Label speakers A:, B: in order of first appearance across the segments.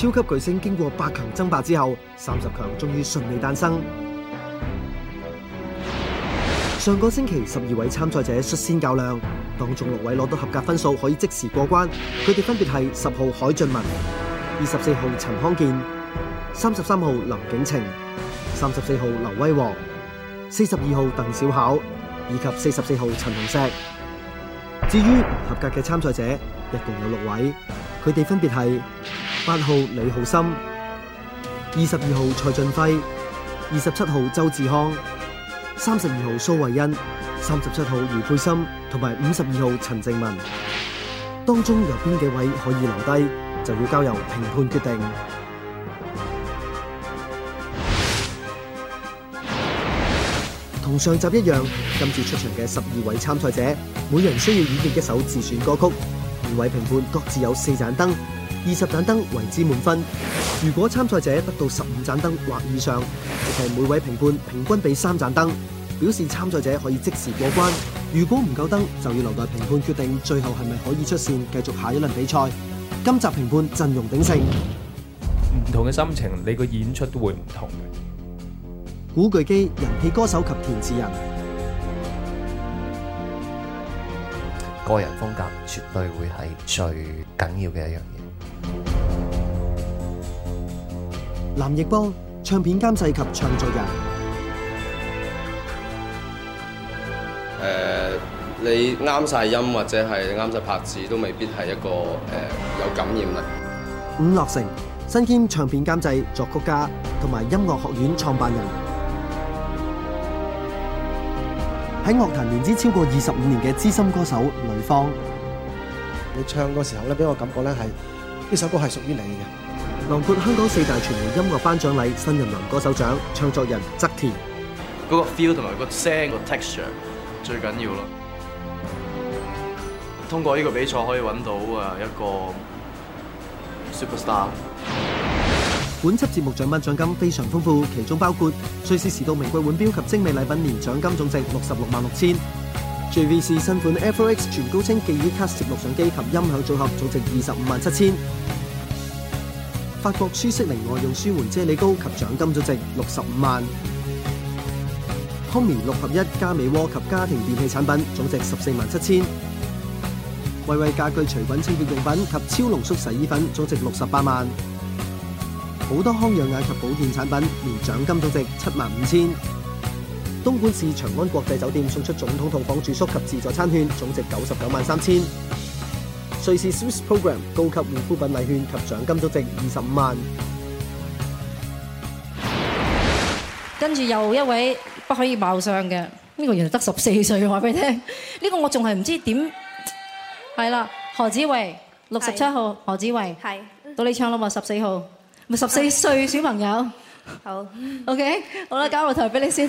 A: 超級巨星經過八強爭霸之後，三十強終於順利誕生。上個星期十二位參賽者率先較量，當中六位攞到合格分數可以即時過關，佢哋分別係十號海俊文、二十四號陳康健、三十三號林景程、三十四號劉威煌、四十二號鄧小巧以及四十四號陳鴻碩。至於不合格嘅參賽者，一共有六位，佢哋分別係。八號李浩森、二十二號蔡俊輝、二十七號周志康、三十二號蘇慧恩、三十七號余佩心同埋五十二號陳靜文。當中有邊幾位可以留低，就要交由評判決定。同上集一樣，今次出場嘅十二位參賽者，每人需要演繹一首自選歌曲，二位評判各自有四盞燈。二十盞燈為之滿分。如果參賽者得到十五盞燈或以上，即係每位評判平均俾三盞燈，表示參賽者可以即時過關。如果唔夠燈，就要留待評判決定最後係咪可以出線，繼續下一輪比賽。今集評判陣容鼎盛，
B: 唔同嘅心情，你個演出都會唔同。
A: 古巨基，人氣歌手及填詞人，
C: 個人風格絕對會係最緊要
A: 嘅一樣嘢。藍奕邦，唱片監製及唱作人。
D: 誒、呃，你啱晒音或者係啱晒拍子，都未必係一個誒、呃、有感染力。
A: 伍樂成，身兼唱片監製、作曲家同埋音樂學院創辦人。喺樂壇年資超過二十五年嘅資深歌手呂方，你唱嗰時候咧，俾我感覺咧係呢首歌係屬於你嘅。囊括香港四大傳媒音樂頒獎禮新人男歌手獎唱作人側田，
E: 嗰個 feel 同埋嗰個聲個 texture 最緊要咯。通過呢個比賽可以揾到啊一個 superstar。
A: 本輯節目獎品獎金非常豐富，其中包括瑞士時度名貴腕錶及精美禮品，年獎金總值六十六萬六千；JVC 新款 FX 全高清記憶卡攝錄相機及音響組合，總值二十五萬七千。法國舒適靈外用舒緩啫喱膏及獎金總值六十五萬，康棉六合一加美窩及家庭電器產品總值十四萬七千，惠威家具除菌清潔用品及超濃縮洗衣粉總值六十八萬，好多康養眼及保健產品連獎金總值七萬五千。東莞市長安國際酒店送出總統套房住宿及自助餐券總值九十九萬三千。瑞士 Swiss Program 高級護膚品禮券及獎金總值二十五萬。
F: 跟住又一位不可以貌相嘅，呢個原來得十四歲，話俾你聽。呢個我仲係唔知點係啦。何子慧六十七號，何子慧係到你唱啦嘛，十四號咪十四歲小朋友。好 OK，好啦，交個台俾你先。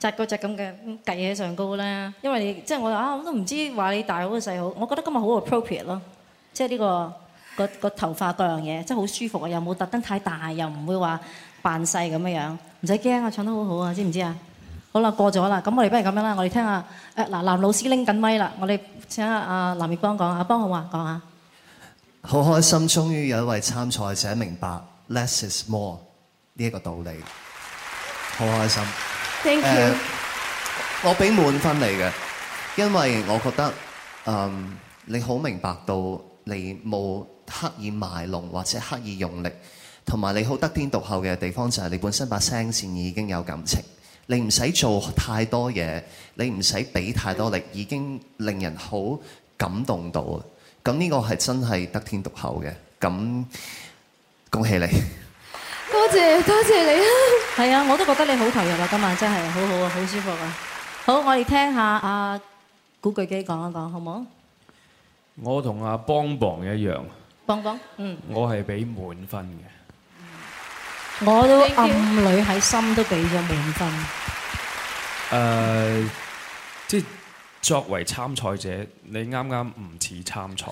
F: 紮個隻咁嘅趌嘢上高啦，因為你即係我啊，我都唔知話你大好定細好，我覺得今日好 appropriate 咯，即係、這、呢個個個頭髮各樣嘢，即係好舒服啊，又冇特登太大，又唔會話扮細咁樣，唔使驚啊，唱得好好啊，知唔知啊？好啦，過咗啦，咁我哋不如咁樣啦，我哋聽下誒嗱，藍老師拎緊咪啦，我哋請下阿、呃、藍月光講啊，阿邦好啊講下。
C: 好開心，終於好有一位參賽者明白 Less is more 呢一個道理，好開心。
G: Thank you、呃、
C: 我俾滿分你嘅，因為我覺得，嗯、呃，你好明白到你冇刻意賣弄或者刻意用力，同埋你好得天獨厚嘅地方就係你本身把聲線已經有感情，你唔使做太多嘢，你唔使俾太多力，已經令人好感動到。咁呢個係真係得天獨厚嘅，咁恭喜你。
H: 多謝多謝你
F: 啊！係啊，我都覺得你好投入啊，今晚真係好好啊，好舒服啊。好，我哋聽下阿古巨基講一講，好唔好？
B: 我同阿邦邦一樣、
F: 呃。邦邦，嗯。
B: 我係俾滿分嘅。
F: 我都暗裏喺心都俾咗滿分。
B: 誒，即係作為參賽者，你啱啱唔似參賽，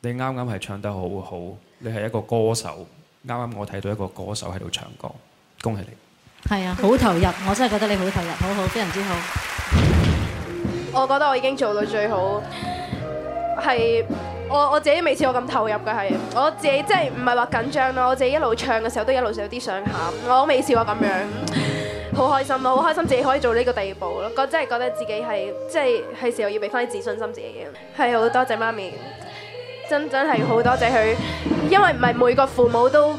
B: 你啱啱係唱得好好，你係一個歌手。啱啱我睇到一個歌手喺度唱歌，恭喜你！
F: 係啊，好投入，我真係覺得你好投入，好好，非常之好。
H: 我覺得我已經做到最好，係我我自己未試過咁投入嘅，係我自己即係唔係話緊張咯。我自己一路唱嘅時候都一路有啲想喊，我未試過咁樣，好開心咯！好開，開心自己可以做呢個地步咯，我真係覺得自己係即係係時候要俾翻啲自信心自己。嘅！係好多謝媽咪。真真係好多謝佢，因為唔係每個父母都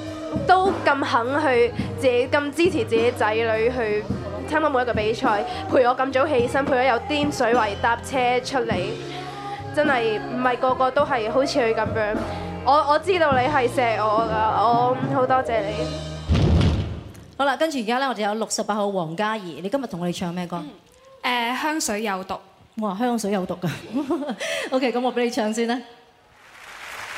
H: 都咁肯去自己咁支持自己仔女去參加每一個比賽，陪我咁早起身，陪我有啲水位搭車出嚟，真係唔係個個都係好似佢咁樣我。我我知道你係錫我㗎，我好多謝你好。好啦，跟住
F: 而家呢，我哋有六十八號黃嘉怡，你今日同我哋唱咩歌？誒、嗯呃、香水有毒。哇，香水有毒㗎。OK， 咁我俾你唱先啦。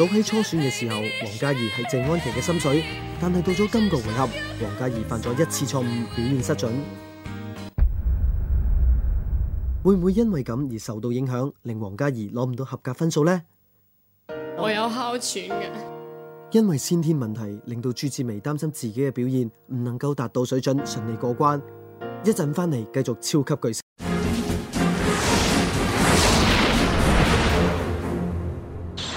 A: 早起初選嘅時候，王嘉怡係鄭安琪嘅心水，但係到咗今個回合，王嘉怡犯咗一次錯誤，表現失準，會唔會因為咁而受到影響，令王嘉怡攞唔到合格分數呢？
I: 我有哮喘嘅，
A: 因為先天問題，令到朱志微擔心自己嘅表現唔能夠達到水準，順利過關。一陣翻嚟繼續超級巨星。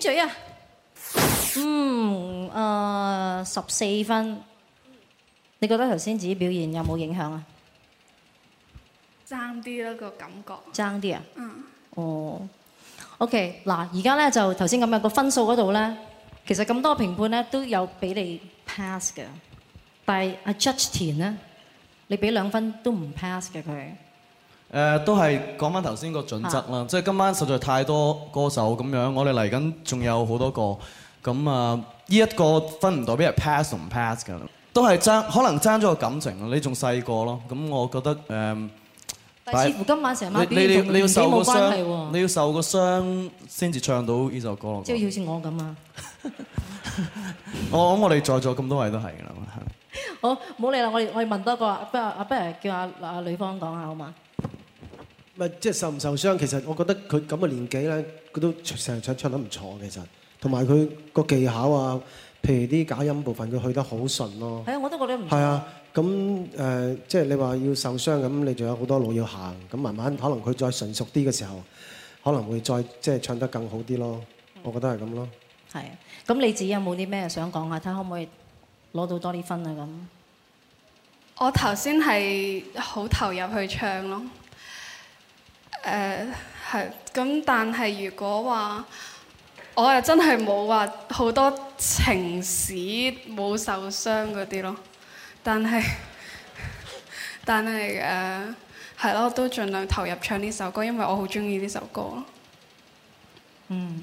F: 嘴啊，嗯，誒，十四分，你覺得頭先自己表現有冇影響啊？
H: 爭啲咯，個感覺，爭啲啊？嗯。
F: 哦，OK，嗱，而家咧就頭先咁樣個分數嗰度咧，其實咁多評判咧都有俾你 pass 嘅，但係阿 Judge 田咧，你俾兩分都唔 pass 嘅佢。
E: 誒都係講翻頭先個準則啦，即係今晚實在太多歌手咁樣，我哋嚟緊仲有好多個，咁啊呢一個分唔到俾人 pass 同唔 pass 㗎啦，都係爭，可能爭咗個感情啊。你仲細個咯，咁我覺得誒，呃、
F: 但係是擺今晚成晚啲你你，你你你要受個傷，
E: 你要受個傷先至唱到呢首歌，即係
F: 好似我咁啊 ，
E: 我諗我哋在座咁多位都係㗎啦，好，
F: 唔好理啦，我我問多一個，不如不如叫阿阿呂方講下好嘛？
J: 唔即係受唔受傷？其實我覺得佢咁嘅年紀咧，佢都成日唱唱得唔錯。其實，同埋佢個技巧啊，譬如啲假音部分，佢去得好順咯。係
F: 啊，我都覺得唔係啊。
J: 咁誒，即係你話要受傷，咁你仲有好多路要行。咁慢慢，可能佢再純熟啲嘅時候，可能會再即係唱得更好啲咯。我覺得係咁咯。
F: 係。咁你自己有冇啲咩想講下？睇下可唔可以攞到多啲分啊？咁。
H: 我頭先係好投入去唱咯。誒係咁，但係如果話，我又真係冇話好多情史冇受傷嗰啲咯。但係但係誒係咯，都、呃、盡量投入唱呢首歌，因為我好中意呢首歌。嗯，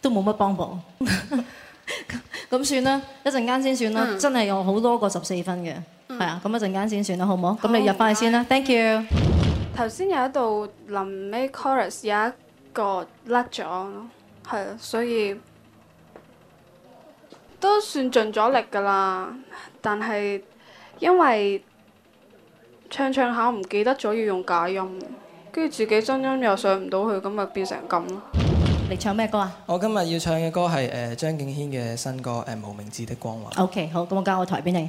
F: 都冇乜幫助 。
H: 咁算啦，
F: 一陣間先算啦。真係有好多個十四分嘅，係啊、嗯，咁一陣間先算啦，好唔好？咁你入翻去先啦，Thank you。謝謝謝謝。
H: 頭先有一度臨尾 chorus 有一個甩咗，係啊，所以都算盡咗力㗎啦。但係因為唱唱下唔記得咗要用假音，跟住自己真音又上唔到去，咁咪變成
G: 咁咯。
F: 你唱咩歌啊？
G: 我今日要唱嘅歌係誒張敬軒嘅新歌《誒無名指的光環》。
F: OK，好，咁我交我台俾你。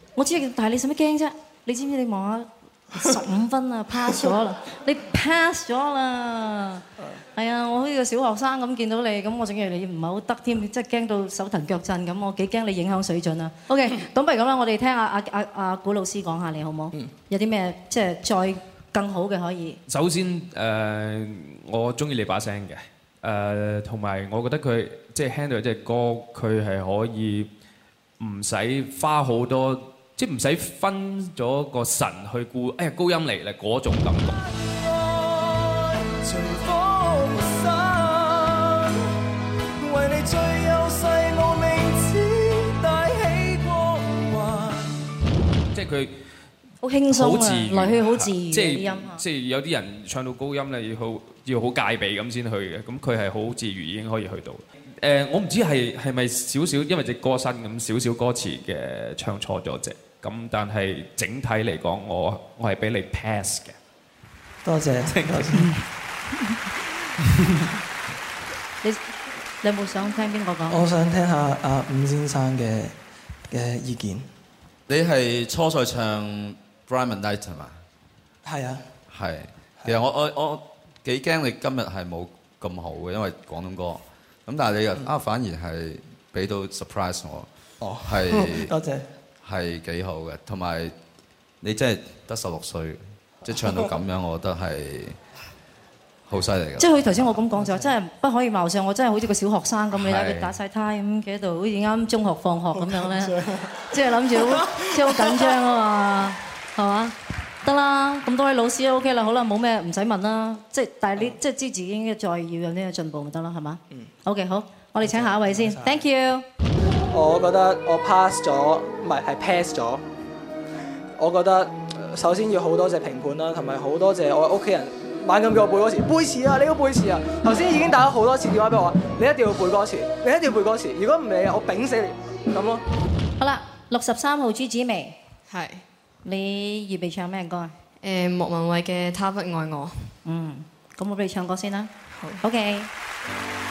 F: 我知，但係你使乜驚啫？你知唔知你望下十五分啊？pass 咗啦！你 pass 咗啦！係啊，我好似個小學生咁見到你，咁我仲以為你唔係好得添，即係驚到手騰腳震咁。我幾驚你影響水準啊！OK，咁不如咁啦，我哋聽下阿阿阿阿古老師講下你好冇？有啲咩即係再更好嘅可以？
B: 首先誒，我中意你把聲嘅誒，同埋我覺得佢即係 handle 到隻歌，佢係可以唔使花好多。即唔使分咗個神去顧，哎呀高音嚟啦，嗰種感覺。
K: 即係佢好輕鬆啊，來去好
B: 自然。
F: 即係即
B: 係有啲人唱到高音咧，要好要好戒備咁先去嘅。咁佢係好自如已經可以去到。誒，我唔知係係咪少少因為隻歌新咁少少歌詞嘅唱錯咗隻。咁但係整體嚟講，我我係俾你 pass 嘅。
G: 多謝，聽我先。
F: 你有冇想聽邊個講？我
G: 想聽下阿伍先生嘅嘅意見。
D: 你係初賽唱《Brian Night》係嘛？
G: 係啊。
D: 係。其實我我我幾驚你今日係冇咁好嘅，因為廣東歌。咁但係你又啊，反而係俾到 surprise 我。
E: 哦，係。多謝，謝。
D: 係幾好嘅，同埋你真係得十六歲，即係唱到咁樣，我覺得係好犀利嘅。即係頭
F: 先我咁講就係，真係不可以貌相，我真係好似個小學生咁樣， 是的 你打晒呔，咁，企喺度，好似啱中學放學咁樣咧，即係諗住，即係好緊張啊嘛，係嘛、啊？得啦， 咁多位老師都 OK 啦，好啦，冇咩唔使問啦。即係但係你、嗯、即係知自己應再要有呢個進步咪得啦，係嘛？OK，好，謝謝我哋請下一位先，Thank you。謝謝謝謝。
G: 我覺得我 pass 咗，唔係係 pass 咗。了我覺得首先要好多謝評判啦，同埋好多謝我屋企人猛咁叫我背歌詞，背詞啊，你個背詞啊，頭先已經打咗好多次電話俾我，你一定要背歌詞，你一定要背歌詞，如果唔理
A: 我，我抦死你咁咯。
F: 好啦，六十三號朱子薇，係你預備唱咩歌？誒、嗯，莫文蔚嘅《他不愛我》。嗯，咁我俾你唱歌先啦。好，OK。好。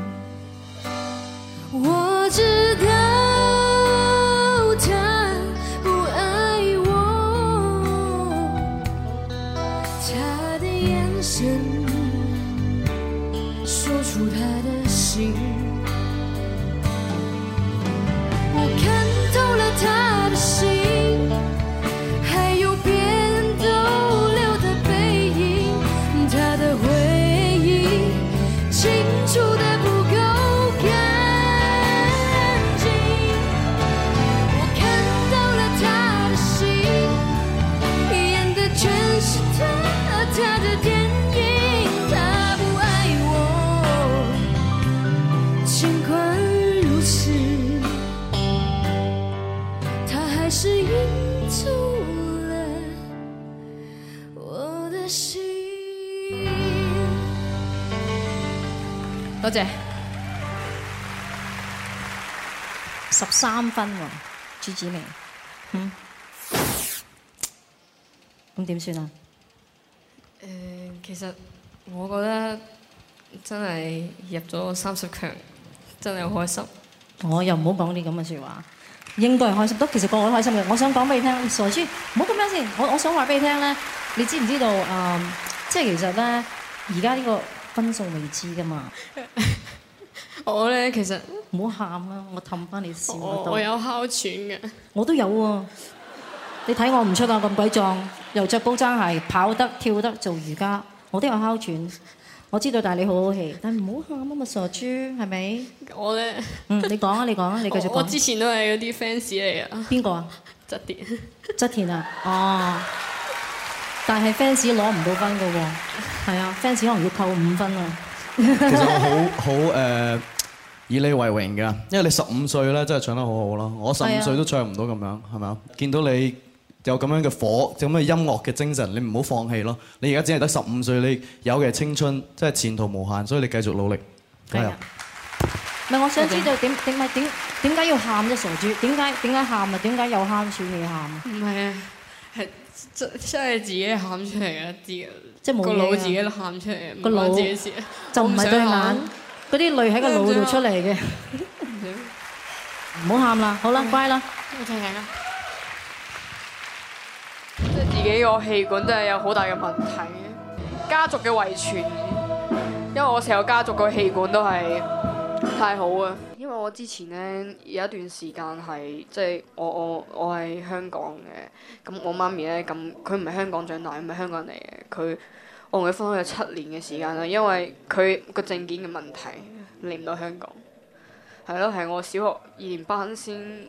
F: 三分喎，朱子明，嗯，咁點算啊？
I: 誒，其實我覺得真係入咗三十強，
F: 真係好開心。我又唔好講啲咁嘅說話，應該開心都其實個個都開心嘅。我想講俾你聽，傻豬，唔好咁樣先。我我想話俾你聽咧，你知唔知道啊？即係其實咧，而家呢個分數未知㗎嘛。 我咧其實唔好喊啦，我氹翻你笑。我有的，我有
I: 哮喘嘅，
F: 我都有喎。你睇我唔出啊，咁鬼壯，又着高踭鞋，跑得跳得做瑜伽，我都有哮喘。我知道，但你很好好氣。但唔好喊啊，咪傻豬，係咪？我咧，嗯，你講啊，你講啊，你繼續講。我之前
I: 都係嗰啲 fans 嚟啊。
F: 邊個啊？側田，側田啊！哦，但係 fans 攞唔到分嘅喎，係啊，fans 可能要扣五分啊。其實我
E: 好好誒以你為榮噶因為你十五歲咧真係唱得好好咯。我十五歲都唱唔到咁樣，係咪啊？見到你有咁樣嘅火，咁嘅音樂嘅精神，你唔好放棄咯。你而家只係得十五歲，你有嘅青春，真係前途無限，所以你繼續努力。係
F: 咪？我想知道點點解點點解要喊啫傻豬？點解點解喊啊？點解又喊喘氣喊啊？
I: 唔係。真真係自己喊出嚟啊！即係冇啊！個腦自己都喊出嚟，個腦就唔係對眼。
F: 嗰啲淚喺個腦度出嚟來嘅，唔好喊啦，好啦，乖啦
I: 了，冇停嘅。即係自己個氣管真係有好大嘅問題，家族嘅遺傳，因為我成個家族個氣管都係。太好啊！因為我之前呢，有一段時間係即係我我我喺香港嘅，咁我媽咪呢，咁佢唔係香港長大，唔係香港人嚟嘅，佢我同佢分咗有七年嘅時間啦，因為佢個證件嘅問題嚟唔到香港，係咯係我小學二年班先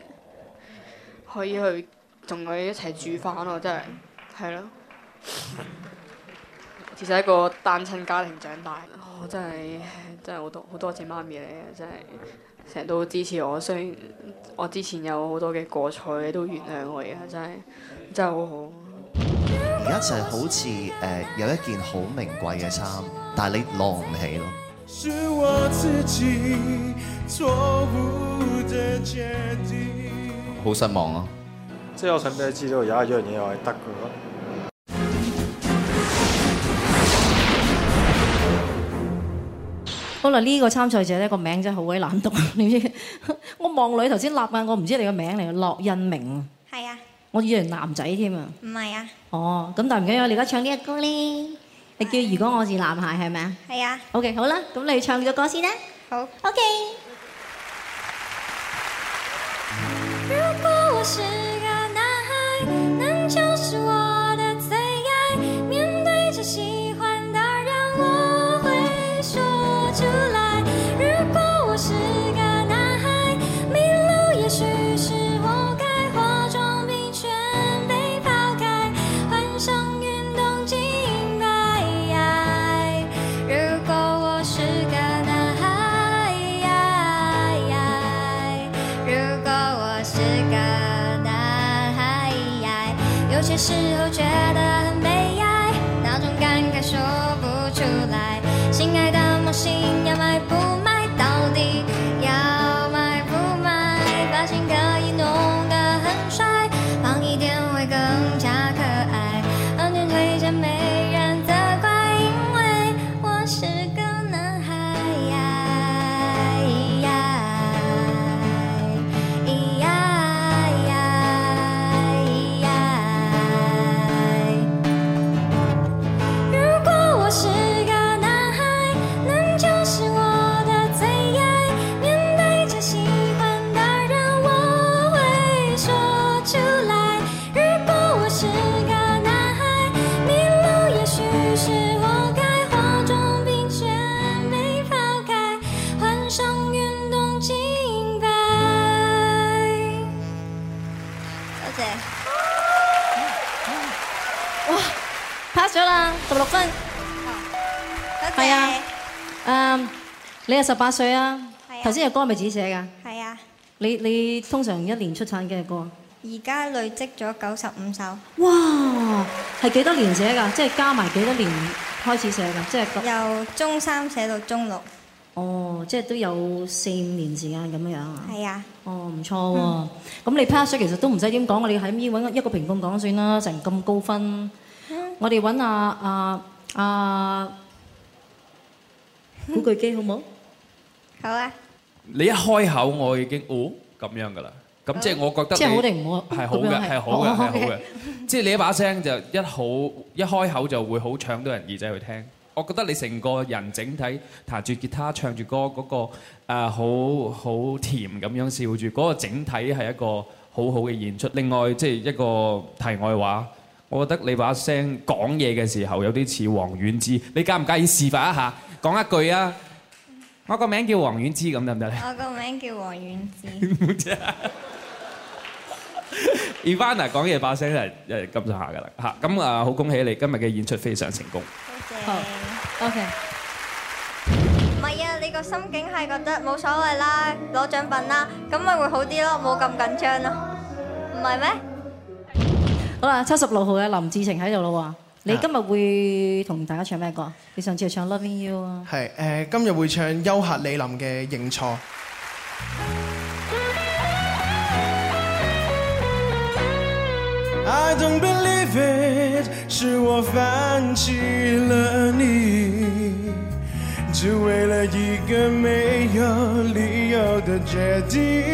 I: 可以去同佢一齊住翻咯，真係係咯， 其實一個單親家庭長大，我真係。真係好多好多謝媽咪你啊！真係成日都支持我，雖然我之前有好多嘅過錯，你都原諒我。而家真係真係好好。
C: 而家就係好似誒有一件好名貴嘅衫，但係你晾唔起咯。
K: 好失望咯！即係
D: 我想
G: 俾你知道，有一樣嘢我係得㗎。
F: 好啦，呢個參賽者呢個名真係好鬼難讀，點知我望你頭先立眼，我唔知你個名嚟，樂恩明啊。係啊，我以為男仔添啊。唔係啊。哦，咁但係唔緊要，你而家唱呢個歌咧，你叫如果我是男孩係咪啊？係啊。O K，好啦，咁你唱呢個歌先啦。好。
K: O K。
F: 十六分，係啊，嗯，你係十八歲啊。頭先嘅歌係咪自己寫噶？係啊。你你通常一年出產幾隻歌？
I: 而家累積咗九十五首。
F: 哇，係幾多年寫噶？即係加埋幾多年開始寫噶？即係由中三寫到中六。哦，即係都有四五年時間咁樣樣啊。係啊。哦，唔錯喎。咁你 pass 咗，其實都唔使點講啊。你喺邊搵一個評判講算啦，成咁高分。我哋揾阿阿阿古巨基好唔好？
B: 好啊！你一開口，我已經哦咁樣噶啦。咁即係我覺得
H: 係好嘅，係好嘅，係好嘅。
B: 即係你一把聲就一好一開口就會好搶到人耳仔去聽。我覺得你成個人整體彈住吉他唱住歌嗰個，誒好好甜咁樣笑住，嗰個整體係一個好好嘅演出。另外即係一個題外話。我覺得你把聲講嘢嘅時候有啲似黃婉芝，你介唔介意示範一下？講一句啊，我個名叫黃婉芝，咁得唔得咧？我
L: 個
K: 名叫黃
B: 婉芝。唔知啊。Evan 啊，講嘢把聲係誒咁上下噶啦嚇，咁啊好恭喜你今日嘅演出非常成功。
F: 多謝。
H: 好。OK。唔係啊，你個心境係覺得冇所謂啦，攞獎品啦，咁咪會好啲咯，冇咁緊張咯，唔係咩？
F: 好啦，七十六號嘅林志晴喺度啦喎，你今日會同大家唱咩歌？你上次係唱《Loving You》
J: 啊。係誒，今日會唱優客李林嘅《認錯》。
K: I don't believe it，是我放棄了你，只為了一個沒有理由的決定。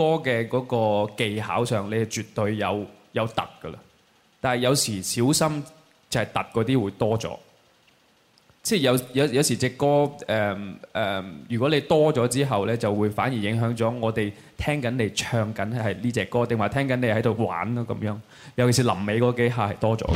B: 歌嘅嗰個技巧上，你係絕對有有突㗎啦。但係有時小心就係突嗰啲會多咗，即係有有有時隻歌誒誒、呃呃，如果你多咗之後咧，就會反而影響咗我哋聽緊你唱緊係呢隻歌，定話聽緊你喺度玩咯咁樣。尤其是臨尾嗰幾下係多咗。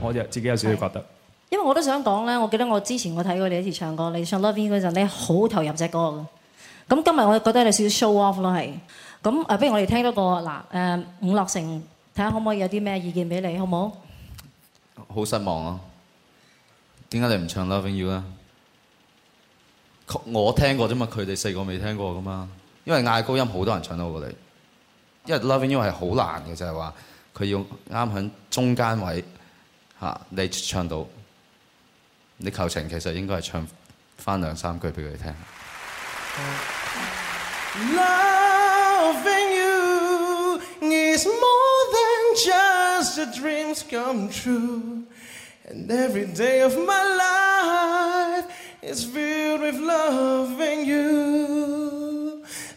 B: 我有自己有少少覺得，
F: 因為我都想講咧。我記得我之前我睇過你一次唱歌，你唱《Loving You》嗰陣咧，好投入隻歌噶。咁今日我又覺得你少少 show off 咯，係。咁不如我哋聽多個嗱，誒，伍樂城，睇下可唔可以有啲咩意見俾你好唔好？
D: 好失望咯。點解你唔唱《Loving You》啊？我聽過啫嘛，佢哋四個未聽過噶嘛。因為嗌高音好多人唱到過嚟，因為 loving you 係好難嘅，就係話佢要啱喺中間位吓，你唱到你求情，其實應該係唱翻
K: 兩三句俾佢聽、嗯。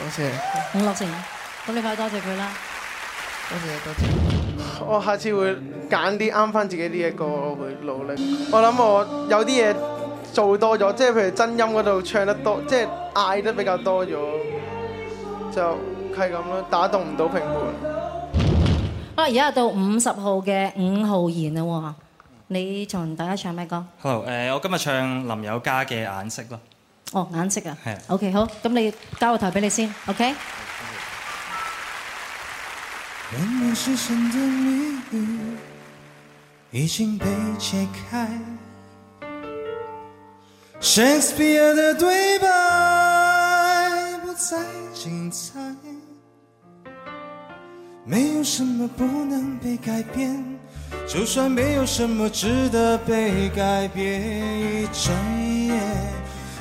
J: 多謝
F: 伍樂城，咁你快多謝佢啦！多謝多謝，謝謝。
J: 我下次會揀啲啱翻自己啲嘅歌去努力。我諗我有啲嘢做多咗，即係譬如真音嗰度唱得多，即係嗌得比較多咗，就係咁咯，打動唔到評判。好
F: 啦！而家到五十號嘅伍浩然啦，你同大家唱咩歌？
G: 好誒，我今日唱林宥嘉嘅《眼色》咯。
F: 哦顏色啊 ok 的好咁你交個台俾你、嗯、人們先 ok
G: 明明是神的謎語已經被揭開
K: Shakespeare 的對白不再精彩沒有什麼不能被改變就算沒有什麼值得被改變一整夜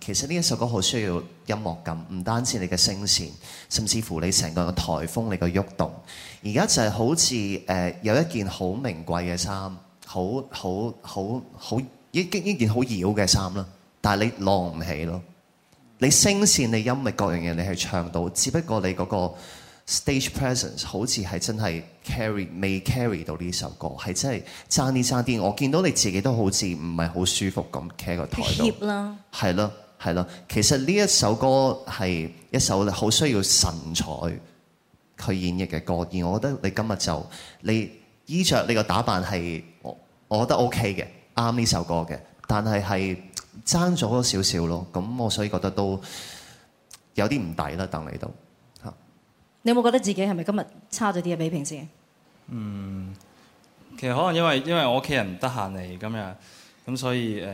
C: 其實呢一首歌好需要音樂感，唔單止你嘅聲線，甚至乎你成個個台風你嘅喐動，動。而家就係好似誒有一件好名貴嘅衫，好好好好依件依件好妖嘅衫啦，但係你攞唔起咯。你聲線、你音域各樣嘢你係唱到，只不過你嗰個 stage presence 好似係真係 carry 未 carry 到呢首歌，係真係爭啲爭啲。我見到你自己都好似唔係好舒服咁企喺個台度。係啦了。係咯，其實呢一首歌係一首好需要神采去演繹嘅歌，而我覺得你今日就你衣着、你個打扮係我我覺得 OK 嘅，啱呢首歌嘅，但係係爭咗少少咯，咁我所以覺得都有啲唔抵啦，等你到，吓。
F: 你有冇覺得自己係咪今日差咗啲啊？比平時？嗯，
G: 其實可能因為因為我屋企人唔得閒嚟，咁樣。咁所以誒，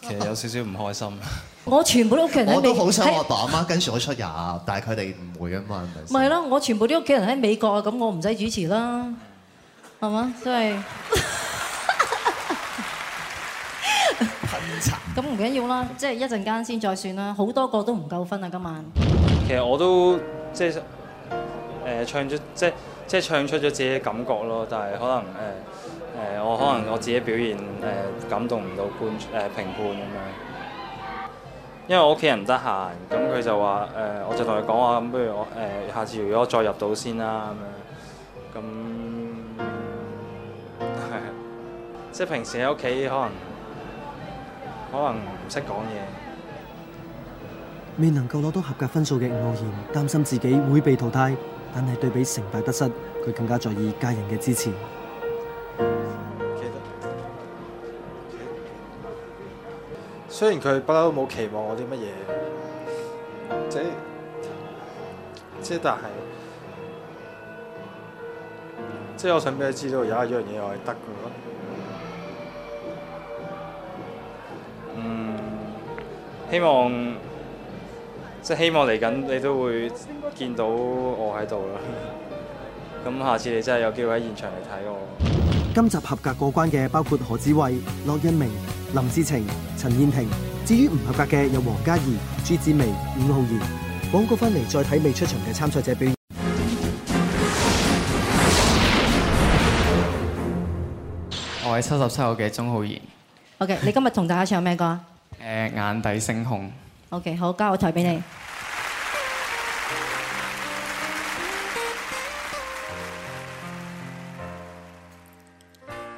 G: 其實有少少唔開心
F: 啊。我全部啲屋企人喺美，我都好想我阿
G: 爸阿媽跟住我出入，但係佢哋
C: 唔會啊嘛。咪
F: 係咯，我全部啲屋企人喺美國啊，咁我唔使主持啦，係嘛？所
C: 以，
F: 咁唔緊要啦，即係一陣間先再算啦。好多個都唔夠分啊，今晚。
G: 其實我都即係誒、呃、唱，唱出即即係唱出咗自己嘅感覺咯，但係可能誒。呃誒、呃，我可能我自己表現誒、呃、感動唔到觀誒、呃、評判咁樣，因為我屋企人唔得閒，咁佢就話誒、呃，我就同佢講話，咁、嗯、不如我誒、呃、下次如果我再入到先啦咁樣，咁即係平時喺屋企可能可能唔識講嘢，
A: 未能夠攞到合格分數嘅吳傲然擔心自己會被淘汰，但係對比成敗得失，佢更加在意家人嘅支持。
G: 雖然佢不嬲都冇期望我啲乜嘢，即係即係但係，即係我想俾你知道有一樣嘢我係得㗎咯。嗯，希望即係希望嚟緊你都會見到我喺度啦。咁下次你真係有機會喺現場嚟睇我。
A: 今集合格過關嘅包括何子慧、駱欣明、林志晴、陳燕婷。至於唔合格嘅有黃嘉怡、朱子薇、伍浩然。廣告翻嚟再睇未出場嘅參賽者表演。
M: 我係七十七號嘅鐘浩然。
F: o、okay, K，你今日同大家唱咩歌？誒，
M: uh, 眼底星空。
F: O、okay, K，好，交個台俾你。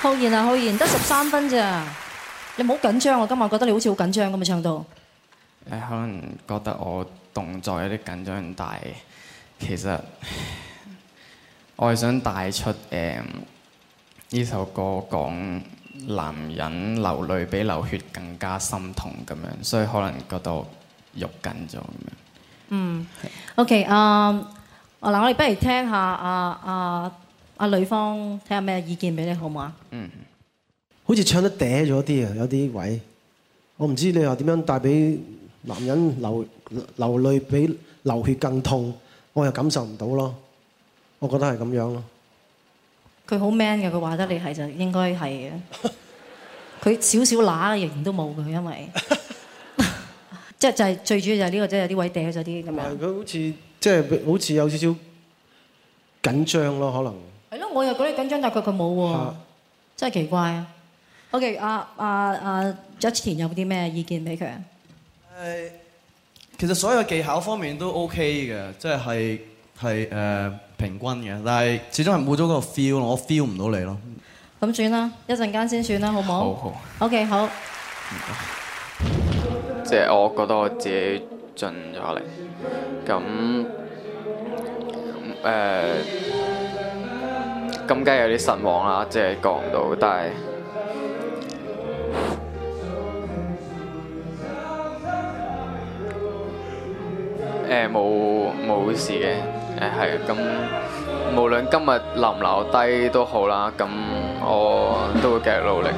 F: 浩然啊，浩然得十三分咋？你唔好緊張啊！今日覺得你好似好緊張咁啊，唱到。
M: 誒，可能覺得我動作有啲緊張，但係其實我係想帶出誒呢首歌講。男人流淚比流血更加心痛咁樣，所以可能覺得肉緊咗咁樣。
F: 嗯，OK，啊，嗱，我哋不如聽下阿阿阿呂方睇下咩意見俾你好唔好啊？嗯，
J: 好似唱得嗲咗啲啊，有啲位。我唔知你又點樣帶俾男人流流淚比流血更痛，我又感受唔到咯。我覺得係咁樣咯。
F: 佢好 man 嘅，佢話得你係就應該係嘅。佢少少乸型都冇佢，因為即係 就係最主要就係呢、呢個啫，就是個就是、有啲位嗲咗啲咁樣。佢好
J: 似即係好似有少少緊張咯，可能
F: 係咯，我又覺得緊張，但係佢佢冇
J: 喎，
F: 真係奇怪啊。OK，阿阿阿 Jackie 添有啲咩意見俾佢？誒，
E: 其實所有技巧方面都 OK 嘅，即、就、係、係。係平均嘅，但係始終係冇咗個 feel 我 feel 唔到你咯。咁
F: 算啦，一陣間先算啦，好唔好？好好。O K，好。
M: 即係我覺得我自己進咗嚟，咁誒，咁梗係有啲失望啦，即係過唔到，但係。誒，冇冇事嘅，誒係咁，無論今日留唔留低都好啦，咁我
N: 都會繼續努力。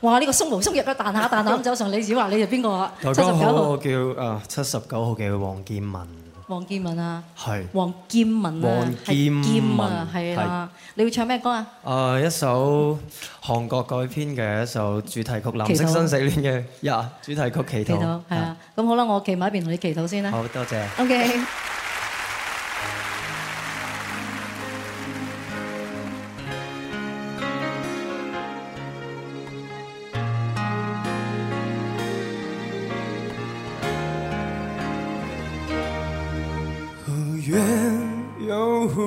F: 哇！呢、這個鬆毛鬆肉個彈下彈下咁走上李子華，你指話你係邊個啊？大家好，七十九號？我
N: 叫啊七十九號嘅黃建文。
F: 王健文，王文，王文，文啊，係王健文啊，係健文係啊。你要唱咩歌啊？
N: 誒，一首韓國改編嘅一首主題曲禱《藍色生死戀》嘅呀、啊，主題曲祈禱《祈禱》。祈禱，係啊。
F: 咁好啦，我企埋一邊同你祈禱先啦。謝謝好多謝。OK。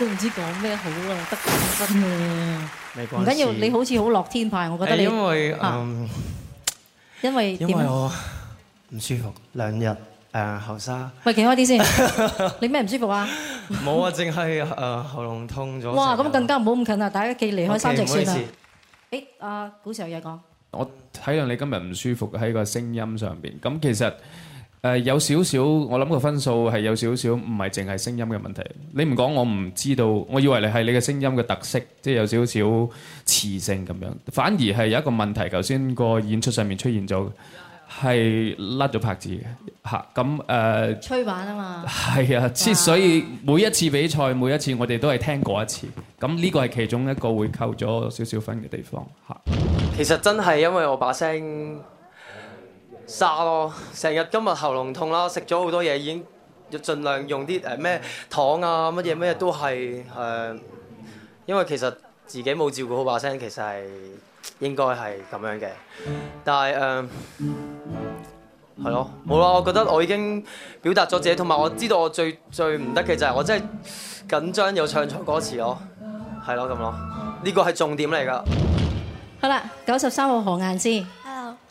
F: 都唔知講咩好啊，得講真嘅，唔緊要。你好似好樂天派，我覺得你。係因為嗯，因為因為我
N: 唔舒服兩日，誒後生。
F: 喂，企開啲先，你咩唔舒服啊？
N: 冇啊，淨係誒喉嚨痛咗。哇！咁更
F: 加唔好咁近啦，大家企離開三尺先啊。誒，阿古時有嘢講。
N: 我
B: 睇到你今日唔舒服喺個聲音上邊，咁其實。誒有少少，我諗個分數係有少少，唔係淨係聲音嘅問題。你唔講我唔知道，我以為你係你嘅聲音嘅特色，即係有少少磁性咁樣。反而係有一個問題，頭先個演出上面出現咗，係甩咗拍子嘅。嚇，咁誒？吹板啊嘛。係啊，所以每一次比賽，每一次我哋都係聽過一次。咁呢個係其中一個會扣咗少少分嘅地方。嚇，
N: 其實真係因為我把聲。沙咯，成日今日喉嚨痛啦，食咗好多嘢，已經要盡量用啲誒咩糖啊乜嘢咩都係誒、呃，因為其實自己冇照顧好把聲，其實係應該係咁樣嘅。但係誒係咯，冇、呃、啦、嗯，我覺得我已經表達咗自己，同埋我知道我最最唔得嘅就係我真係緊張又唱錯歌詞咯，係咯咁咯，呢個係重點嚟㗎。
F: 好啦，九十三號何雁姿。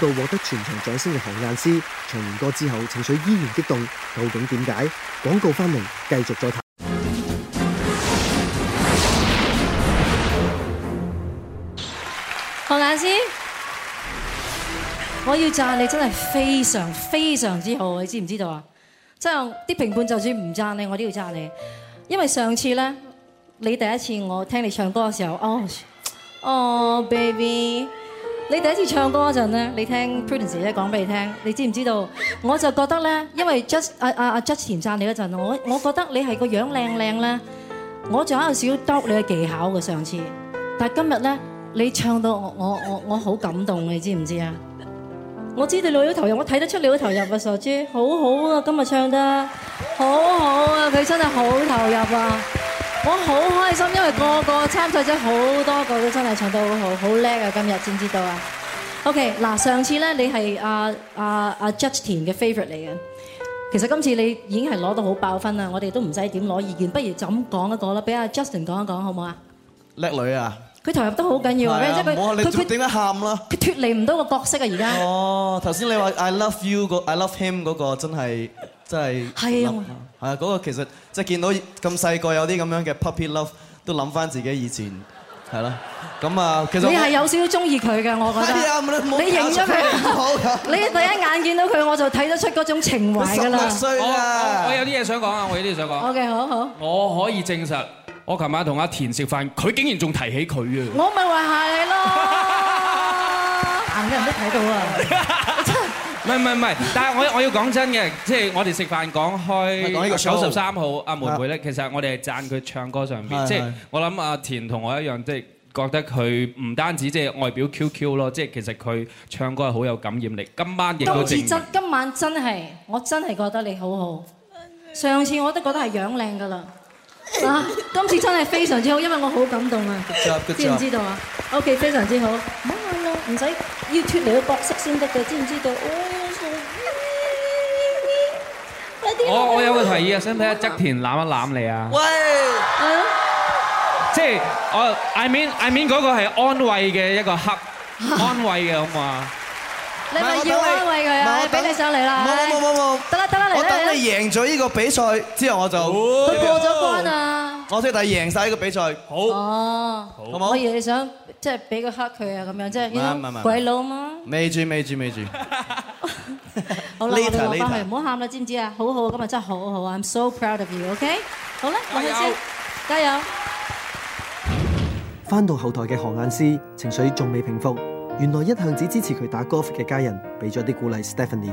A: 到獲得全場掌聲嘅韓雁詩唱完歌之後情緒依然激動，究竟點解？廣告翻嚟，繼續再睇。
F: 韓雁詩，我要讚你真係非常非常之好，你知唔知道啊？即係啲評判就算唔讚你，我都要讚你，因為上次呢，你第一次我聽你唱歌嘅時候，哦，哦，baby。你第一次唱歌嗰陣咧，你聽 Prudence 姐講俾你聽，你知唔知道？我就覺得咧，因為 Just 阿阿阿 Justin 讚你嗰陣，我我覺得你係個樣靚靚咧，我仲有一小 dot 你嘅技巧嘅上次，但係今日咧，你唱到我我我我好感動嘅，你知唔知啊？我知道你都投入，我睇得出你都投入啊！傻豬，好好啊，今日唱得好好啊，佢真係好投入啊！我好開心，因為個個參賽者好多個都真係唱到好好叻啊！今日知唔知道啊？OK，嗱，上次咧你係阿阿阿 Justin 嘅 favorite 嚟嘅，其實今次你已經係攞到好爆分啦！我哋都唔使點攞意見，不如就咁講一個啦，俾阿 Justin 講一講好唔好啊？叻女啊！佢投入得好緊要，佢佢點解喊啦？佢脫離唔到個角色啊！而家哦，
E: 頭先你話 I love you 嗰 I love him 嗰個真係。真係係啊！啊嗰個其實即係見到咁細個有啲咁樣嘅 puppy love，都諗翻自己以前係啦。咁啊，其實你係
F: 有少少中意佢嘅，我覺得。你認咗佢？好。你第一眼見到佢，我就睇得出嗰種情懷㗎啦。我十六歲㗎。
N: 我有啲嘢
B: 想講啊！我有啲嘢想講。好
F: 嘅，好好。
B: 我可以證實，我琴晚同阿田食飯，佢竟然仲提起佢啊！
F: 我咪話下你咯！啱啱都睇到啊！
B: 唔係唔係唔係，但係我我要講真嘅，即係我哋食飯講開九十三號阿妹妹咧，其實我哋係讚佢唱歌上邊，即係我諗阿田同我一樣，即係覺得佢唔單止即係外表 Q Q 咯，即係其實佢唱歌係好有感染力。今晚亦都真，
F: 今晚真係我真係覺得你好好。上次我都覺得係樣靚噶啦，啊！今次真係非常之好，因為我好感動啊，知唔知道啊？OK，非常之好，唔好啦，唔使要脫離個角色先得嘅，知唔知道？我
B: 我有個提議啊，想睇下側田攬一攬你啊！喂，即係我，I mean I mean 嗰個係安慰嘅一個黑，安慰嘅好唔好啊？
F: 你咪要安慰佢啊！我俾你上嚟啦！冇冇冇冇，得啦得啦，我等你贏
E: 咗呢個比賽之後我就佢過咗關啊！我先第贏晒呢個比賽，好哦，好冇？你
F: 想即係俾個黑佢啊，咁樣即係鬼佬嘛，
E: 未住，未住，未住。
F: 好啦，好我翻去，唔好喊啦，知唔知啊？好好，今日真係好，好好，I'm so proud of you，OK？好啦，我去先，加油！
A: 翻到後台嘅何雁詩情緒仲未平復，原來一向只支持佢打 golf 嘅家人俾咗啲鼓勵，Stephanie。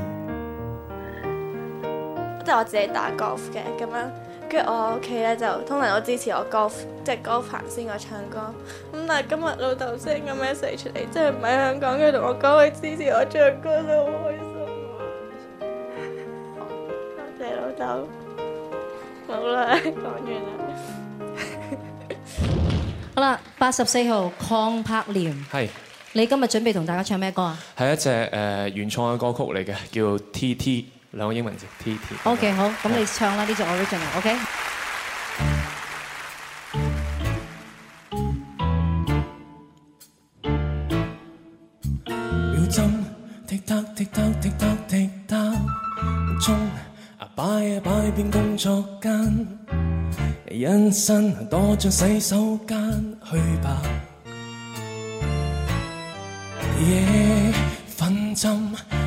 H: 都係我自己打 golf 嘅咁樣。跟住我屋企咧，就通常我支持我歌，即係歌凡先我唱歌。
I: 咁但係今日老豆先咁樣寫出嚟，即係唔係香港，佢同我講佢支持我唱歌，
N: 真係好開心啊！多謝老豆。
L: 好啦，講
F: 完啦。好啦，八十四號康柏廉，係你今日準備同大家唱咩歌啊？
B: 係一隻誒原創嘅歌曲嚟嘅，叫《T T》。兩個英文字，T T。OK，
F: 好，咁你唱啦，呢隻 original，OK。
K: 秒針滴答滴答滴答滴答，鐘擺啊擺遍工作間，人生躲進洗手間去吧，夜分針。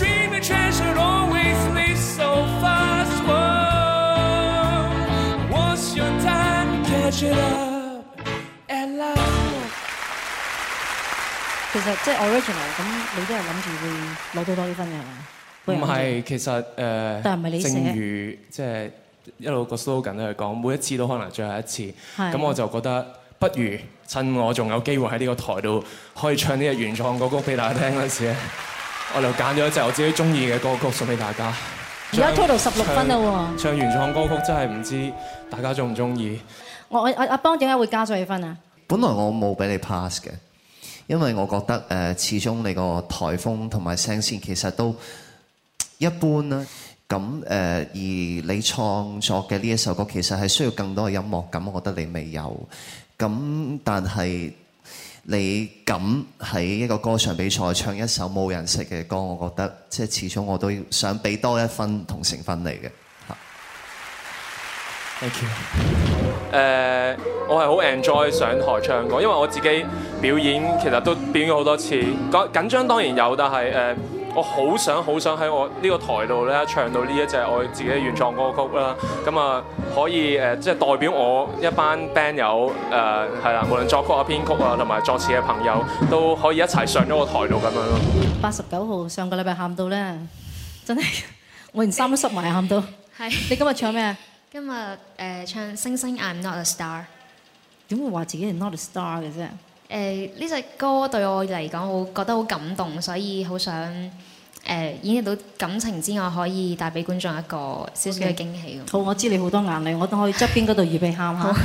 F: 其實即係 original，咁你都係諗住會攞到多啲分嘅。唔係，
M: 其實誒，呃、
B: 但係唔係你寫。正如即係一路個 slogan 都係講，每一次都可能最後一次。咁是的 我就覺得，不如趁我仲有機會喺呢個台度，可以唱呢個原創歌曲俾大家聽嗰時我又揀咗一隻我自己中意嘅歌曲送俾大家。
F: 而家 total 十六分啦喎，
C: 唱原創歌曲真係唔知大家中唔中意。
F: 我我阿阿邦點解會加咗幾分啊？
C: 本來我冇俾你 pass 嘅，因為我覺得誒始終你個台風同埋聲線其實都一般啦。咁誒而你創作嘅呢一首歌其實係需要更多嘅音樂，咁我覺得你未有。咁但係，你敢喺一個歌唱比賽唱一首冇人識嘅歌，我覺得即係始終我都想俾多一分同成分你
B: 嘅。thank you。呃，我係好 enjoy 上台唱歌，因為我自己表演其實都表演好多次，緊張當然有，但係，呃。我好想好想喺我呢個台度咧唱到呢一隻我自己嘅原創歌曲啦，咁啊可以誒即係代表我一班 band 友誒係啦，無論作曲啊、編曲啊同埋作詞嘅朋友都可以一齊上咗個台度咁樣咯。
F: 八十九號上個禮拜喊到咧，真係我連衫都濕埋喊到。係 你今日唱咩啊？
I: 今日誒、呃、唱星星，I'm not a star。點會話自己係 not a star 嘅啫？誒呢隻歌對我嚟講我覺得好感動，所以好想。誒演繹到感情之外，可以帶俾
F: 觀眾一個小小嘅驚喜咁。好，好，好，我知你好多眼淚，我都可以側邊嗰度預備喊下。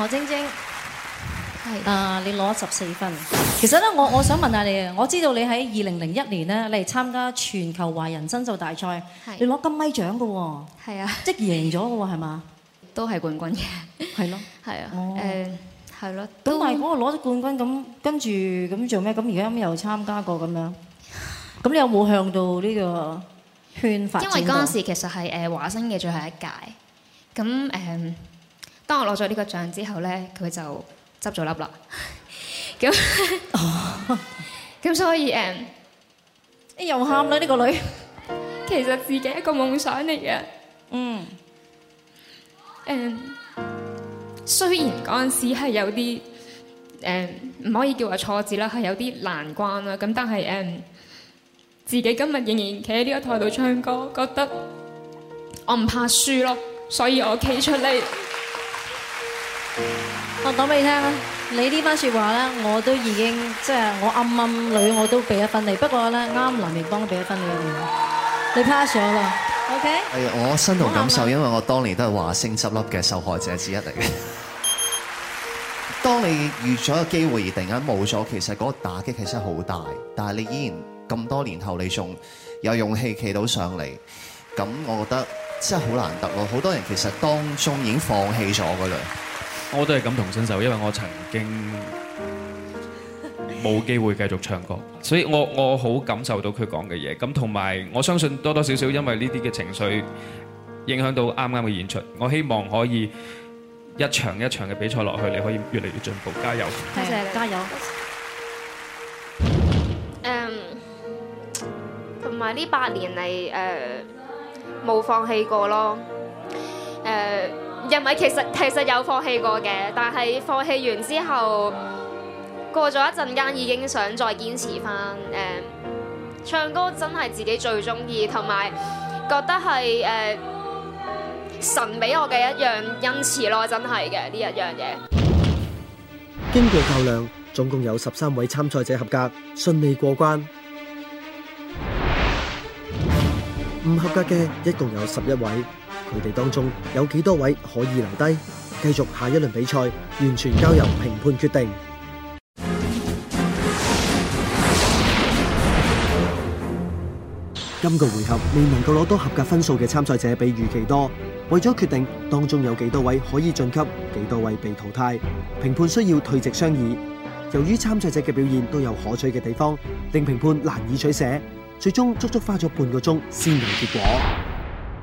F: 何晶晶，係啊，你攞十四分。其實咧，我我想問下你啊，我知道你喺二零零一年咧嚟參加全球華人新秀大賽，你攞金咪獎嘅喎，係啊，即係贏咗嘅喎，係嘛？都係冠軍嘅，係
I: 咯，係啊，誒，係咯。咁但係
F: 嗰個攞咗冠軍，咁跟住咁做咩？咁而家又參加過咁樣？咁你有冇向到呢個圈發展？因為嗰陣時其實係誒華星嘅最後一屆，
I: 咁誒。當我攞咗呢個獎之後咧，佢就執咗笠啦。咁咁所以誒，又喊啦呢個女。其實自己一個夢想嚟嘅。嗯誒，雖然嗰陣時係有啲誒唔可以叫話挫折啦，係有啲難關啦。咁但係誒，自己今日仍然企喺呢個台度唱歌，覺得我唔怕
F: 輸咯。所以我企出嚟。我講俾你聽啦，你呢番說話咧，我都已經即係我暗暗女我都俾一分你，不過咧啱，林妙幫我俾一分你，你 pass 咗啦，OK？
C: 啊，我身同感受，因為我當年都係華星執笠嘅受害者之一嚟嘅。當你遇咗個機會而突然間冇咗，其實嗰個打擊其實好大，但係你依然咁多年後，你仲有勇氣企到上嚟，咁我覺得真係好難得咯。好多人其實當中已經放棄咗嗰類。我都係感同身受，因為我曾
B: 經冇機會繼續唱歌，所以我我好感受到佢講嘅嘢。咁同埋我相信多多少少因為呢啲嘅情緒影響到啱啱嘅演出。我希望可以一場一場嘅比賽落去，你可以越嚟越進步，加油！多
I: 謝，加油！誒，同埋呢八年嚟誒冇放棄過咯，誒。又唔係，其實其實有放棄過嘅，但係放棄完之後，過咗一陣間，已經想再堅持翻。誒，唱歌真係自己最中意，同埋覺得係誒神俾我嘅一樣恩賜咯，真係嘅呢一樣嘢。
A: 經過較量，總共有十三位參賽者合格，順利過關。唔合格嘅一共有十一位。佢哋當中有幾多位可以留低，繼續下一輪比賽，完全交由評判決定。今個回合未能夠攞到合格分數嘅參賽者比預期多，為咗決定當中有幾多位可以晉級，幾多位被淘汰，評判需要退席商議。由於參賽者嘅表現都有可取嘅地方，令評判難以取捨，最終足足花咗半個鐘先有結果。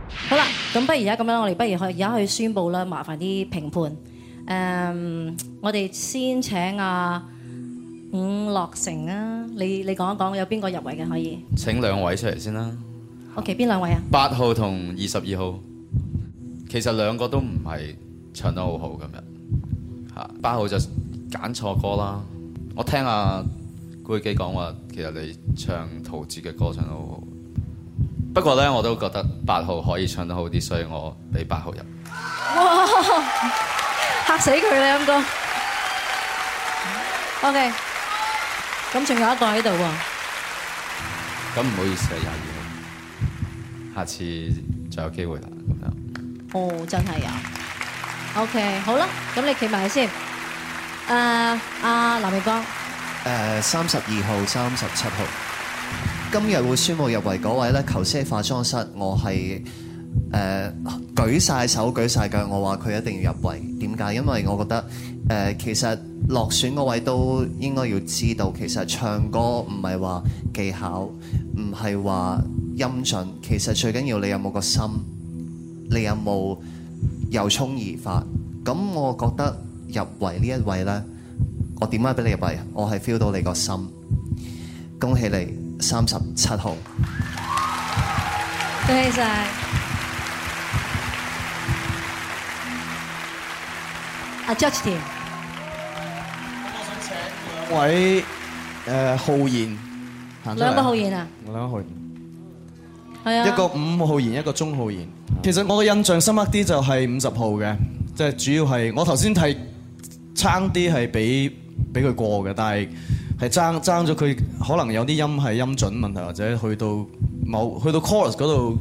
F: 好啦，咁不如而家咁樣，我哋不如去而家去宣布啦。麻煩啲評判，誒、um,，我哋先請阿、啊、伍樂成啊，你你講一講有邊個入圍嘅可以？
D: 請兩位出嚟先啦。
F: OK，邊兩位啊？
D: 八號同二十二號，其實兩個都唔係唱得好好咁樣。吓，八號就揀錯歌啦。我聽阿古基講話，其實你唱陶喆嘅歌唱得好好。不過咧，我都覺得八號可以唱得好啲，所以我俾八號
F: 入。哇！嚇死佢啦，阿哥。O K。咁仲有一個喺度喎。
D: 咁唔好意思啊，廿二號。下次就有機會啦。咁樣。
F: 哦，真係有。OK，好啦，咁你企埋先。誒，阿藍美光。
C: 誒，三十二號，三十七號。今日會宣佈入圍嗰位呢頭先喺化妝室我是，我係誒舉晒手舉晒腳，我話佢一定要入圍。點解？因為我覺得誒、呃、其實落選嗰位都應該要知道，其實唱歌唔係話技巧，唔係話音準，其實最緊要你有冇個心，你有冇由衷而發。咁我覺得入圍呢一位呢，我點解俾你入圍？我係 feel 到你個心，恭喜你！三十七號，
F: 多謝晒
E: 阿 Judge 田，我想請兩位誒號員行出嚟。兩個號員啊。我兩個號言？係啊。一個五號言，一個中號言。其實我嘅印象深刻啲就係五十號嘅，即係主要係我頭先係差啲係俾俾佢過嘅，但係，係爭爭咗佢，可能有啲音係音準問題，或者去到某去到 chorus 嗰度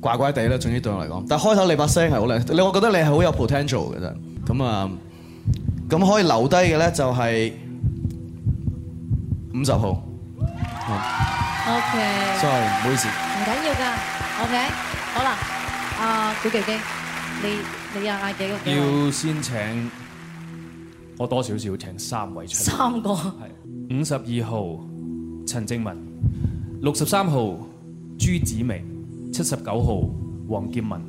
E: 怪怪地啦。總之對我嚟講，但係開頭你把聲係好靚，你我覺得你係好有 potential 嘅啫。咁啊，咁可以留低嘅咧就係五十號。OK，Sorry，
F: 唔好意思，唔緊要㗎。OK，好啦，啊小琪琪，你你啊嗌幾個？要
B: 先請我多少少請三位出，三個五十二號陳靜文，六十三號朱子明，七十九號黃建文，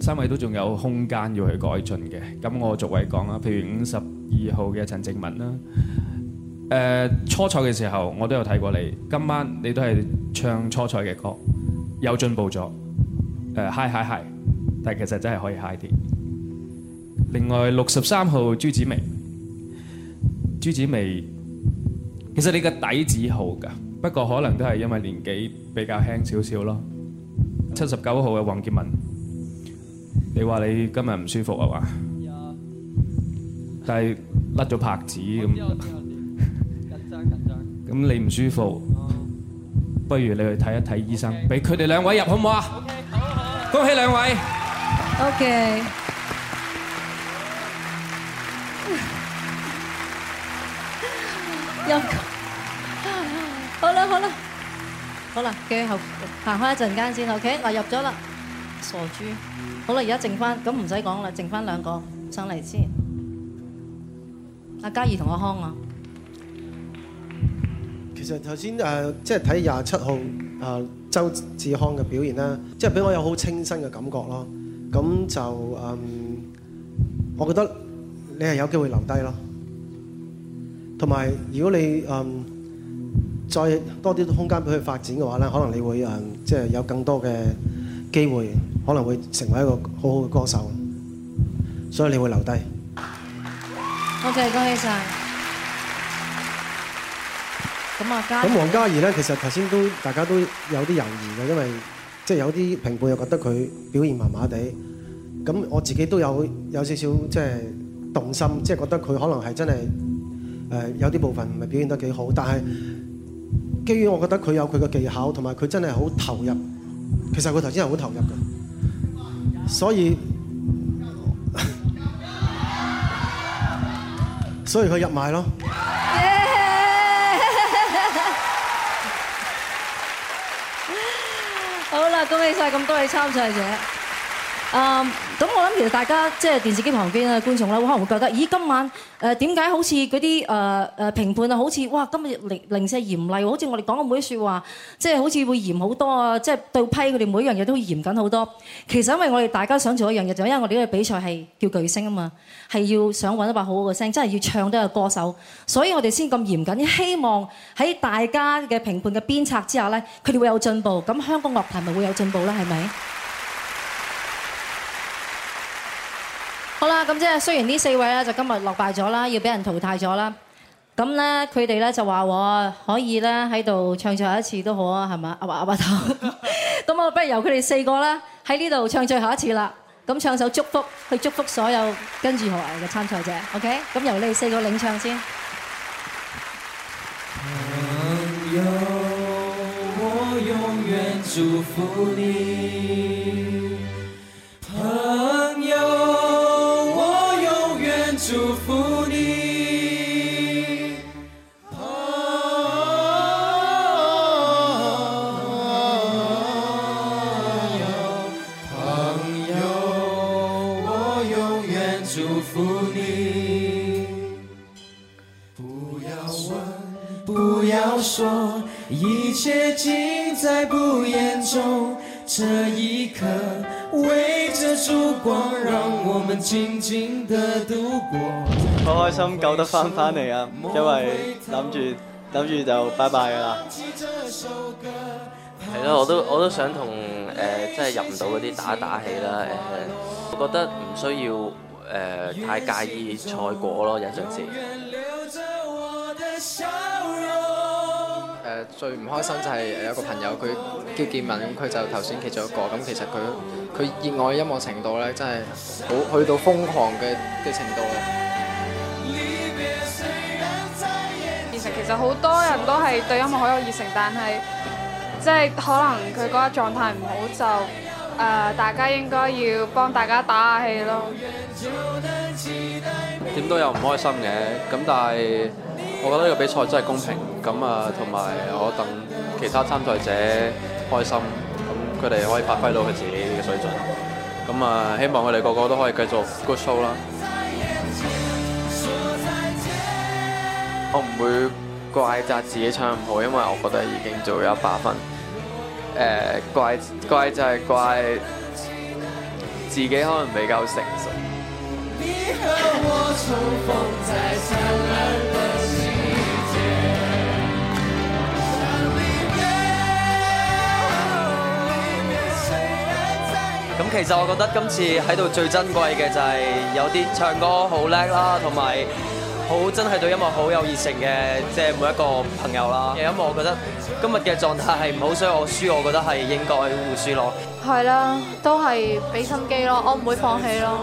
B: 三位都仲有空間要去改進嘅。咁我逐位講啦，譬如五十二號嘅陳靜文啦，誒、呃、初賽嘅時候我都有睇過你，今晚你都係唱初賽嘅歌，有進步咗，誒 high high high，但係其實真係可以 high 啲。另外六十三號朱子明。朱子薇，其實你個底子好噶，不過可能都係因為年紀比較輕少少咯。七十九號嘅黃傑文，你話你今日唔舒服係嘛？但係甩咗拍子咁，咁你唔舒服，不如你去睇一睇醫生。俾佢哋兩位入好唔好啊？好，
F: 恭喜兩位。OK。入，好啦好啦，好啦，叫佢後行開一陣間先，OK，嗱入咗啦，傻豬。好啦，而家剩翻，咁唔使講啦，剩翻兩個上嚟先，阿嘉怡同阿康啊。
J: 其實頭先誒，即係睇廿七號誒周志康嘅表現咧，即係俾我有好清新嘅感覺咯，咁就誒，我覺得你係有機會留低咯。同埋，如果你嗯再多啲空間俾佢發展嘅話咧，可能你會嗯即係有更多嘅機會，可能會成為一個好好嘅歌手，所以你會留低。
F: 多謝，恭喜晒。咁阿嘉，咁王嘉
J: 儀咧，其實頭先都大家都有啲猶豫嘅，因為即係有啲評判又覺得佢表現麻麻地，咁我自己都有有少少即係動心，即係覺得佢可能係真係。誒有啲部分唔係表現得幾好，但係基於我覺得佢有佢嘅技巧，同埋佢真係好投入，其實佢頭先係好投入嘅，所以所以佢入埋咯。
F: 好啦，恭喜晒咁多位參賽者！誒咁，嗯、我諗其實大家即係電視機旁邊嘅觀眾咧，可能會覺得，咦，今晚誒點解好似嗰啲誒誒評判啊，好似哇，今日零零舍嚴厲，好似我哋講嗰啲説話，即係好似會嚴好多啊！即係對批佢哋每樣嘢都會嚴謹好多。其實因為我哋大家想做一樣嘢，就是、因為我哋呢個比賽係叫巨星啊嘛，係要想搵一把好好嘅聲，真係要唱得嘅歌手，所以我哋先咁嚴謹。希望喺大家嘅評判嘅鞭策之下咧，佢哋會有進步。咁香港樂壇咪會有進步啦，係咪？咁即係雖然呢四位咧就今日落敗咗啦，要俾人淘汰咗啦。咁咧佢哋咧就話我可以咧喺度唱最後一次都好啊，係咪？阿伯阿伯頭。咁我不如由佢哋四個啦喺呢度唱最後一次啦。咁唱首祝福去祝福所有跟住學嘅參賽者。OK，咁由你四個領唱先。
L: 朋
K: 友，我永遠祝福你。好
N: 開心救得翻翻嚟啊！因為諗住諗住就拜拜㗎喇。
K: 係咯，我都
N: 我都想同誒、即、呃、係入唔到嗰啲打一打氣啦、呃。我覺得唔需要誒、呃、太介意賽果咯，印象
K: 前。
M: 誒，最唔開心就係誒，有個朋友，佢叫建文，佢就頭先其中一個咁，其實佢佢熱愛音樂程度咧，真係好去到瘋狂嘅嘅程度啦。
H: 其實其實好多人都係對音樂好有熱誠，但係即係可能佢嗰個狀態唔好就。Uh, 大家應該要幫大家打下氣咯。
M: 點都有唔開心嘅，咁但係我覺得呢個比賽真係公平，咁啊同埋我等其他參賽者開心，咁佢哋可以發揮到佢自己嘅水準，咁啊希望佢哋個個都可以繼續 good show 啦。我唔會怪責自己唱唔好，因為我覺得已經做咗八分。誒、呃、怪怪就係怪自己可能比較成
L: 熟。
N: 咁其實我覺得今次喺度最珍貴嘅就係有啲唱歌好叻啦，同埋。好真係對音樂好有熱誠嘅，即係每一個朋友啦。因為我覺得今日嘅狀態係唔好，所以我輸，我覺得係應該會輸咯。
H: 係啦，都係俾心機咯，我唔會放棄咯。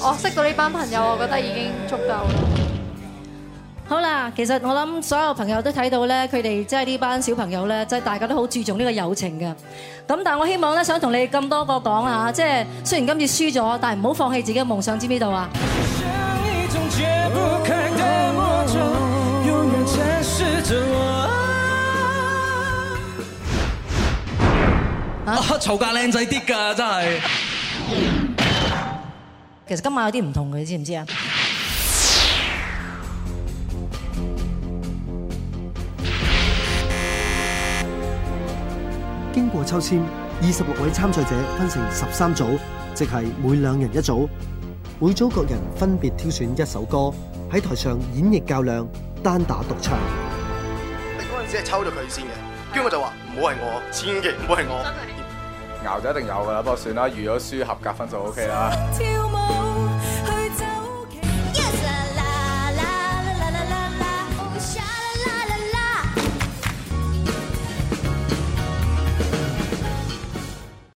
H: 我識到呢班朋友，我覺得已經足夠啦。
F: 好啦，其實我諗所有朋友都睇到咧，佢哋即係呢班小朋友咧，即係大家都好注重呢個友情嘅。咁但係我希望咧，想同你咁多個講啊，即係雖然今次輸咗，但係唔好放棄自己嘅夢想，知唔知道啊？
K: 啊！吵架靚仔啲㗎，真係。
F: 其實今晚有啲唔同嘅，你知唔知啊？
A: 經過抽籤，二十六位參賽者分成十三組，即係每兩人一組。每組各人分別挑選一首歌，喺台上演繹較量，單打獨唱。嗰
E: 陣時係抽咗佢先嘅，跟住是的 我就話唔好係我，千祈唔好係我。嗯嗯、熬就一定有噶啦，不過算啦，預咗輸，合格分就 OK 啦。Okay
K: 跳舞